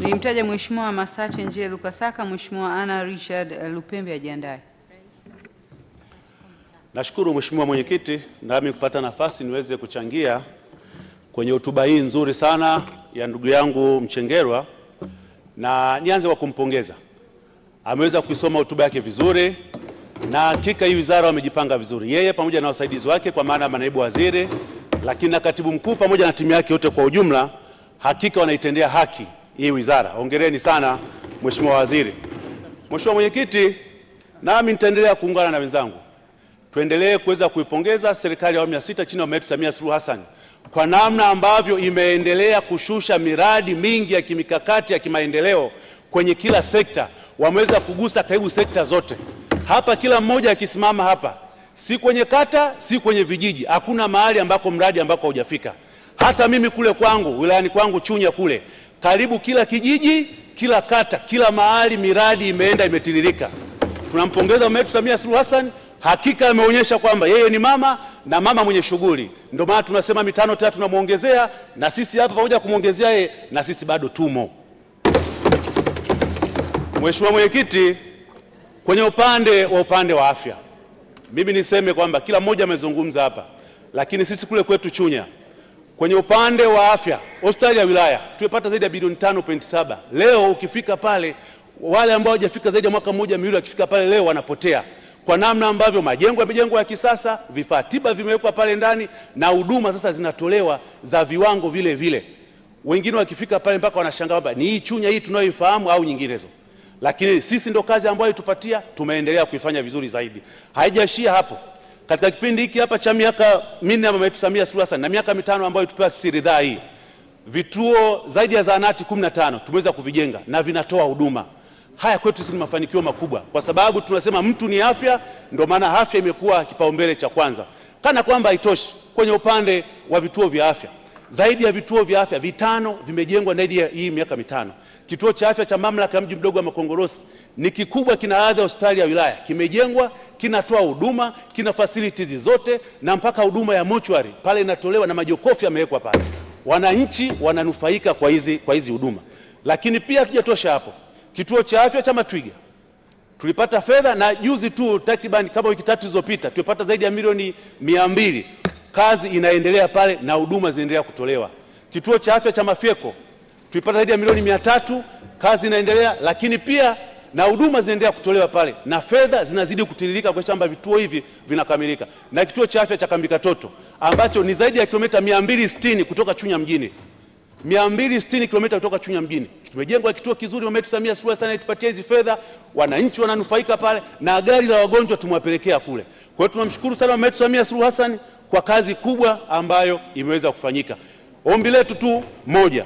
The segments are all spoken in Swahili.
Nilimtaja Mheshimiwa Masache Njie Lukasaka, Mheshimiwa Anna Richard eh, Lupembe ajiandae. Nashukuru Mheshimiwa Mwenyekiti, nami kupata nafasi niweze kuchangia kwenye hotuba hii nzuri sana ya ndugu yangu Mchengerwa, na nianze kwa kumpongeza, ameweza kuisoma hotuba yake vizuri, na hakika hii wizara wamejipanga vizuri, yeye pamoja na wasaidizi wake, kwa maana ya manaibu waziri, lakini na katibu mkuu pamoja na timu yake yote kwa ujumla, hakika wanaitendea haki hii wizara. Hongereni sana Mheshimiwa Waziri. Mheshimiwa Mwenyekiti, nami nitaendelea kuungana na wenzangu tuendelee kuweza kuipongeza serikali ya awamu ya sita chini ya mama Samia Suluhu Hassan kwa namna ambavyo imeendelea kushusha miradi mingi ya kimikakati ya kimaendeleo kwenye kila sekta. Wameweza kugusa karibu sekta zote hapa, kila mmoja akisimama hapa, si kwenye kata, si kwenye vijiji, hakuna mahali ambako mradi ambako haujafika. Hata mimi kule kwangu wilayani kwangu Chunya kule karibu kila kijiji, kila kata, kila mahali miradi imeenda imetiririka. Tunampongeza mama yetu Samia Suluhu Hassan, hakika ameonyesha kwamba yeye ni mama na mama mwenye shughuli. Ndio maana tunasema mitano tena tunamwongezea, na sisi hapa pamoja kumwongezea yeye, na sisi bado tumo. Mheshimiwa Mwenyekiti, kwenye upande wa upande wa afya, mimi niseme kwamba kila mmoja amezungumza hapa, lakini sisi kule kwetu Chunya Kwenye upande wa afya, hospitali ya wilaya tumepata zaidi ya bilioni 5.7. Leo ukifika pale, wale ambao hawajafika zaidi ya mwaka mmoja miwili, wakifika pale leo wanapotea kwa namna ambavyo majengo yamejengwa ya kisasa, vifaa tiba vimewekwa pale ndani, na huduma sasa zinatolewa za viwango vile vile. Wengine wakifika pale mpaka wanashangaa kwamba ni hii Chunya hii tunayoifahamu au nyinginezo. Lakini sisi ndo kazi ambayo itupatia, tumeendelea kuifanya vizuri zaidi. Haijaishia hapo katika kipindi hiki hapa cha miaka minne ya Mama Samia Suluhu Hassan na miaka mitano ambayo tupewa sisi ridhaa hii, vituo zaidi ya zahanati 15 tumeweza kuvijenga na vinatoa huduma. Haya kwetu sisi ni mafanikio makubwa, kwa sababu tunasema mtu ni afya, ndio maana afya imekuwa kipaumbele cha kwanza. Kana kwamba haitoshi, kwenye upande wa vituo vya afya zaidi ya vituo vya afya vitano vimejengwa ndani ya hii miaka mitano. Kituo cha afya cha mamlaka ya mji mdogo wa Makongorosi ni kikubwa, kina adha hospitali ya wilaya, kimejengwa, kinatoa huduma, kina facilities zote, na mpaka huduma ya mochwari pale inatolewa na majokofu yamewekwa pale. Wananchi wananufaika kwa hizi kwa hizi huduma, lakini pia hatujatosha hapo. Kituo cha afya cha Matwiga tulipata fedha, na juzi tu takriban kama wiki tatu zilizopita tulipata zaidi ya milioni mia mbili kazi inaendelea pale na huduma zinaendelea kutolewa. Kituo cha afya cha Mafyeko tulipata zaidi ya milioni mia tatu, kazi inaendelea, lakini pia na huduma zinaendelea kutolewa pale na fedha zinazidi kutiririka kwa shamba, vituo hivi vinakamilika. Na kituo cha afya cha Kambikatoto ambacho ni zaidi ya kilomita 260 kutoka Chunya mjini, 260 kilomita kutoka Chunya mjini, tumejengwa kituo kizuri. Mama yetu Samia Suluhu Hassan alitupatia hizi fedha, wananchi wananufaika pale, na gari la wagonjwa tumewapelekea kule. Kwa hiyo tunamshukuru sana mama yetu Samia Suluhu Hassan kwa kazi kubwa ambayo imeweza kufanyika. Ombi letu tu moja,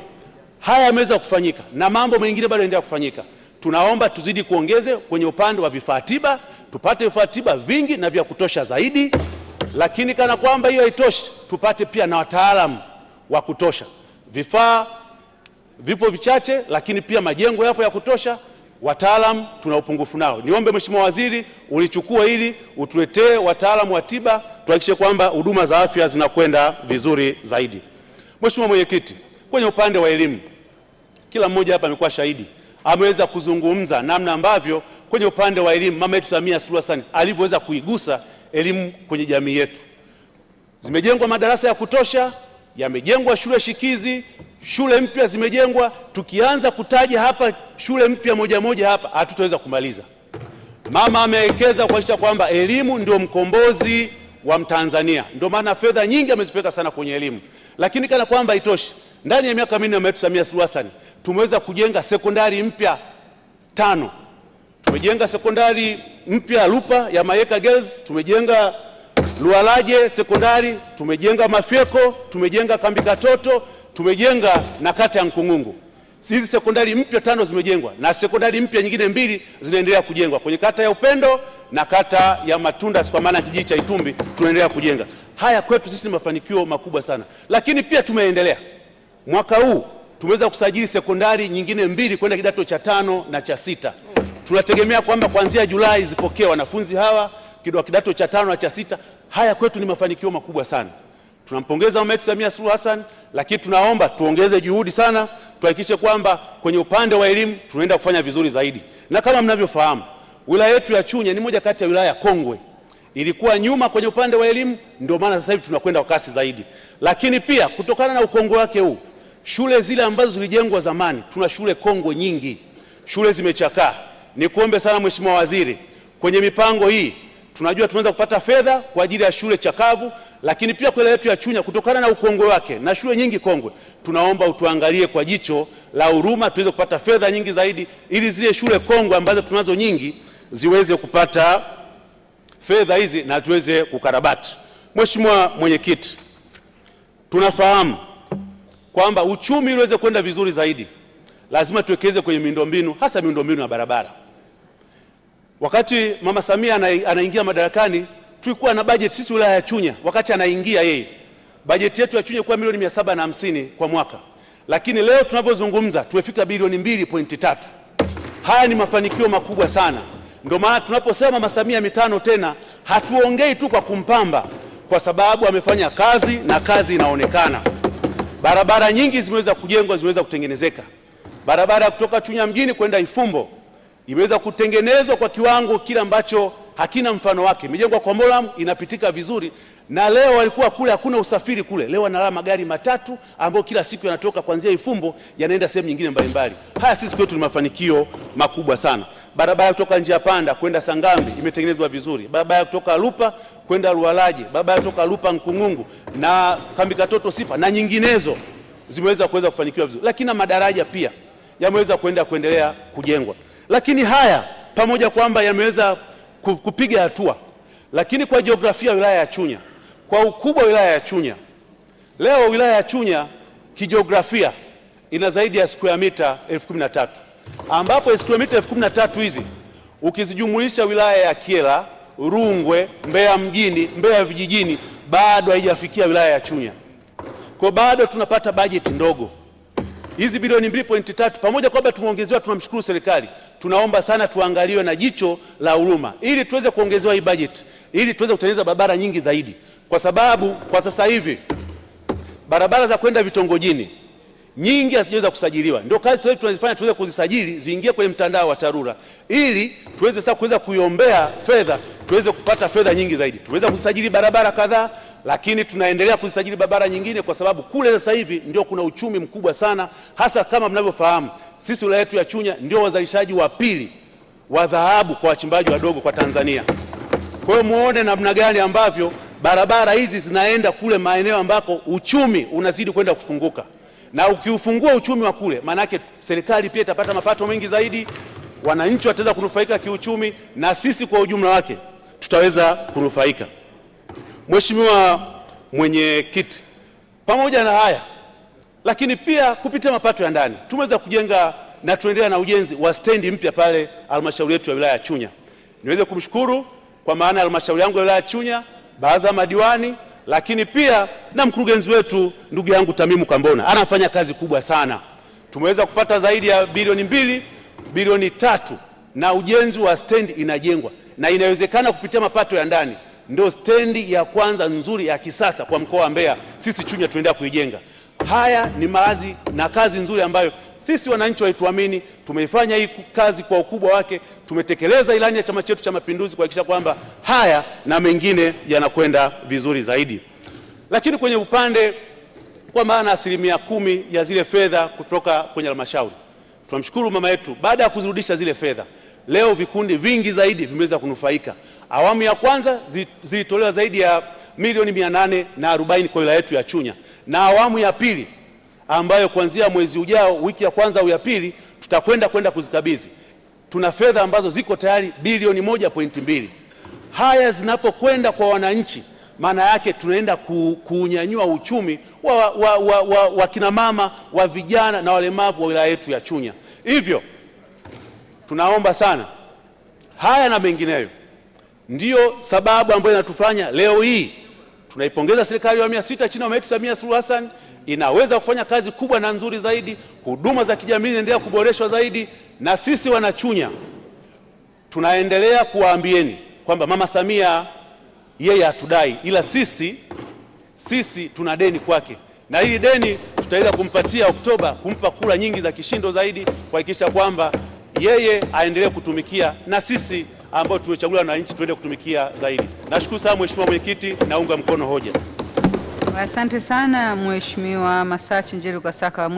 haya yameweza kufanyika na mambo mengine bado yanaendelea kufanyika. Tunaomba tuzidi kuongeze kwenye upande wa vifaa tiba, tupate vifaa tiba vingi na vya kutosha zaidi, lakini kana kwamba hiyo haitoshi, tupate pia na wataalamu wa kutosha. Vifaa vipo vichache, lakini pia majengo yapo ya kutosha, wataalamu tuna upungufu nao. Niombe Mheshimiwa Waziri ulichukua hili, utuletee wataalamu wa tiba tuhakikishe kwamba huduma za afya zinakwenda vizuri zaidi. Mheshimiwa Mwenyekiti, kwenye upande wa elimu, kila mmoja hapa amekuwa shahidi, ameweza kuzungumza namna ambavyo kwenye upande wa elimu mama yetu Samia Suluhu Hassan alivyoweza kuigusa elimu kwenye jamii yetu. Zimejengwa madarasa ya kutosha, yamejengwa shule shikizi, shule mpya zimejengwa. Tukianza kutaja hapa shule mpya moja moja hapa hatutaweza kumaliza. Mama amewekeza kuhakikisha kwamba elimu ndio mkombozi wa Mtanzania. Ndio maana fedha nyingi amezipeka sana kwenye elimu, lakini kana kwamba itoshi ndani ya miaka minne ya mama Samia Suluhu Hassan tumeweza kujenga sekondari mpya tano. Tumejenga sekondari mpya Lupa ya Mayeka Girls, tumejenga Lualaje sekondari, tumejenga Mafyeko, tumejenga Kambi Katoto, tumejenga na kata ya Nkungungu hizi sekondari mpya tano zimejengwa na sekondari mpya nyingine mbili zinaendelea kujengwa kwenye kata ya Upendo na kata ya Matunda, kwa maana kijiji cha Itumbi tunaendelea kujenga. Haya kwetu sisi ni mafanikio makubwa sana, lakini pia tumeendelea. Mwaka huu tumeweza kusajili sekondari nyingine mbili kwenda kidato cha tano na cha sita. Tunategemea kwamba kuanzia Julai zipokee wanafunzi hawa kidato kidato cha tano na cha sita. Haya kwetu ni mafanikio makubwa sana. Tunampongeza mama yetu Samia Suluhu Hassan, lakini tunaomba tuongeze juhudi sana tuhakikishe kwamba kwenye upande wa elimu tunaenda kufanya vizuri zaidi, na kama mnavyofahamu wilaya yetu ya Chunya ni moja kati ya wilaya kongwe, ilikuwa nyuma kwenye upande wa elimu, ndio maana sasa hivi tunakwenda kwa kasi zaidi. Lakini pia kutokana na ukongwe wake huu, shule zile ambazo zilijengwa zamani, tuna shule kongwe nyingi, shule zimechakaa. Nikuombe sana Mheshimiwa Waziri, kwenye mipango hii tunajua tumeweza kupata fedha kwa ajili ya shule chakavu, lakini pia kwa ile yetu ya Chunya kutokana na ukongwe wake na shule nyingi kongwe, tunaomba utuangalie kwa jicho la huruma, tuweze kupata fedha nyingi zaidi, ili zile shule kongwe ambazo tunazo nyingi ziweze kupata fedha hizi na tuweze kukarabati. Mheshimiwa Mwenyekiti, tunafahamu kwamba uchumi ili uweze kwenda vizuri zaidi lazima tuwekeze kwenye miundombinu, hasa miundombinu ya barabara. Wakati Mama Samia anaingia madarakani, tulikuwa na bajeti sisi wilaya ya Chunya, wakati anaingia yeye, bajeti yetu ya Chunya ilikuwa milioni mia saba na hamsini kwa mwaka, lakini leo tunavyozungumza tumefika bilioni mbili pointi tatu. Haya ni mafanikio makubwa sana. Ndio maana tunaposema Mama Samia mitano tena, hatuongei tu kwa kumpamba, kwa sababu amefanya kazi na kazi inaonekana. Barabara nyingi zimeweza kujengwa, zimeweza kutengenezeka. Barabara ya kutoka Chunya mjini kwenda Ifumbo imeweza kutengenezwa kwa kiwango kile ambacho hakina mfano wake, imejengwa kwa moram, inapitika vizuri. Na leo walikuwa kule, hakuna usafiri kule, leo wanalala magari matatu ambayo kila siku yanatoka kuanzia Ifumbo yanaenda sehemu nyingine mbalimbali. Haya sisi kwetu ni mafanikio makubwa sana. Barabara kutoka njia panda kwenda Sangambi imetengenezwa vizuri, barabara kutoka Lupa kwenda Lualaje, barabara kutoka Lupa Nkungungu na Kambi Katoto Sipa na nyinginezo zimeweza kuweza kufanikiwa vizuri, lakini na madaraja pia yameweza kuenda kuendelea kujengwa. Lakini haya pamoja kwamba yameweza kupiga hatua, lakini kwa jiografia wilaya ya Chunya, kwa ukubwa wilaya ya Chunya, leo wilaya ya Chunya kijiografia ina zaidi ya square mita elfu kumi na tatu ambapo square mita elfu kumi na tatu hizi ukizijumuisha wilaya ya Kyela, Rungwe, Mbeya mjini, Mbeya vijijini, bado haijafikia wilaya ya Chunya. Kwa bado tunapata bajeti ndogo hizi bilioni 2.3 pamoja kwamba tumeongezewa, tunamshukuru serikali, tunaomba sana tuangaliwe na jicho la huruma, ili tuweze kuongezewa hii budget, ili tuweze kutengeneza barabara nyingi zaidi, kwa sababu kwa sasa hivi barabara za kwenda vitongojini nyingi hazijaweza kusajiliwa. Ndio kazi tunazifanya tuweze kuzisajili ziingie kwenye mtandao wa TARURA ili tuweze sasa kuweza kuiombea fedha tuweze kupata fedha nyingi zaidi. Tumeweza kusajili barabara kadhaa lakini tunaendelea kuzisajili barabara nyingine, kwa sababu kule sasa hivi ndio kuna uchumi mkubwa sana, hasa kama mnavyofahamu sisi wilaya yetu ya Chunya ndio wazalishaji wa pili wa dhahabu kwa wachimbaji wadogo kwa Tanzania. Kwa hiyo muone namna gani ambavyo barabara hizi zinaenda kule maeneo ambako uchumi unazidi kwenda kufunguka, na ukiufungua uchumi wa kule, maanake serikali pia itapata mapato mengi zaidi, wananchi wataweza kunufaika kiuchumi, na sisi kwa ujumla wake tutaweza kunufaika. Mheshimiwa Mwenyekiti, pamoja na haya lakini pia kupitia mapato ya ndani tumeweza kujenga na tuendelea na ujenzi wa stendi mpya pale halmashauri yetu ya wilaya ya Chunya. Niweze kumshukuru kwa maana halmashauri yangu ya wilaya ya Chunya, baadhi ya madiwani, lakini pia na mkurugenzi wetu ndugu yangu Tamimu Kambona anafanya kazi kubwa sana. Tumeweza kupata zaidi ya bilioni mbili bilioni tatu na ujenzi wa stendi inajengwa na inawezekana kupitia mapato ya ndani ndio stendi ya kwanza nzuri ya kisasa kwa mkoa wa Mbeya. Sisi Chunya tunaendelea kuijenga. Haya ni maazi na kazi nzuri ambayo sisi wananchi waituamini Tumeifanya hii kazi kwa ukubwa wake, tumetekeleza ilani ya chama chetu cha Mapinduzi kuhakikisha kwamba haya na mengine yanakwenda vizuri zaidi. Lakini kwenye upande, kwa maana asilimia kumi ya zile fedha kutoka kwenye halmashauri, tunamshukuru mama yetu, baada ya kuzirudisha zile fedha Leo vikundi vingi zaidi vimeweza kunufaika. Awamu ya kwanza zilitolewa zaidi ya milioni mia nane na arobaini kwa wilaya yetu ya Chunya, na awamu ya pili ambayo kuanzia mwezi ujao wiki ya kwanza au ya pili tutakwenda kwenda kuzikabidhi, tuna fedha ambazo ziko tayari bilioni moja pointi mbili. Haya zinapokwenda kwa wananchi, maana yake tunaenda ku, kuunyanyua uchumi wa, wa, wa, wa, wa mama wa vijana na walemavu wa wilaya yetu ya Chunya hivyo Tunaomba sana haya na mengineyo, ndiyo sababu ambayo inatufanya leo hii tunaipongeza serikali ya awamu ya sita chini ya mama yetu Samia Suluhu Hassan, inaweza kufanya kazi kubwa na nzuri zaidi. Huduma za kijamii zinaendelea kuboreshwa zaidi, na sisi wanachunya tunaendelea kuwaambieni kwamba mama Samia yeye hatudai, ila sisi sisi tuna deni kwake, na hili deni tutaweza kumpatia Oktoba, kumpa kura nyingi za kishindo zaidi, kuhakikisha kwamba yeye aendelee kutumikia na sisi ambao tumechaguliwa na nchi tuende kutumikia zaidi. Nashukuru sana Mheshimiwa Mwenyekiti, naunga mkono hoja. Asante sana Mheshimiwa Masachi Njeru Kasaka.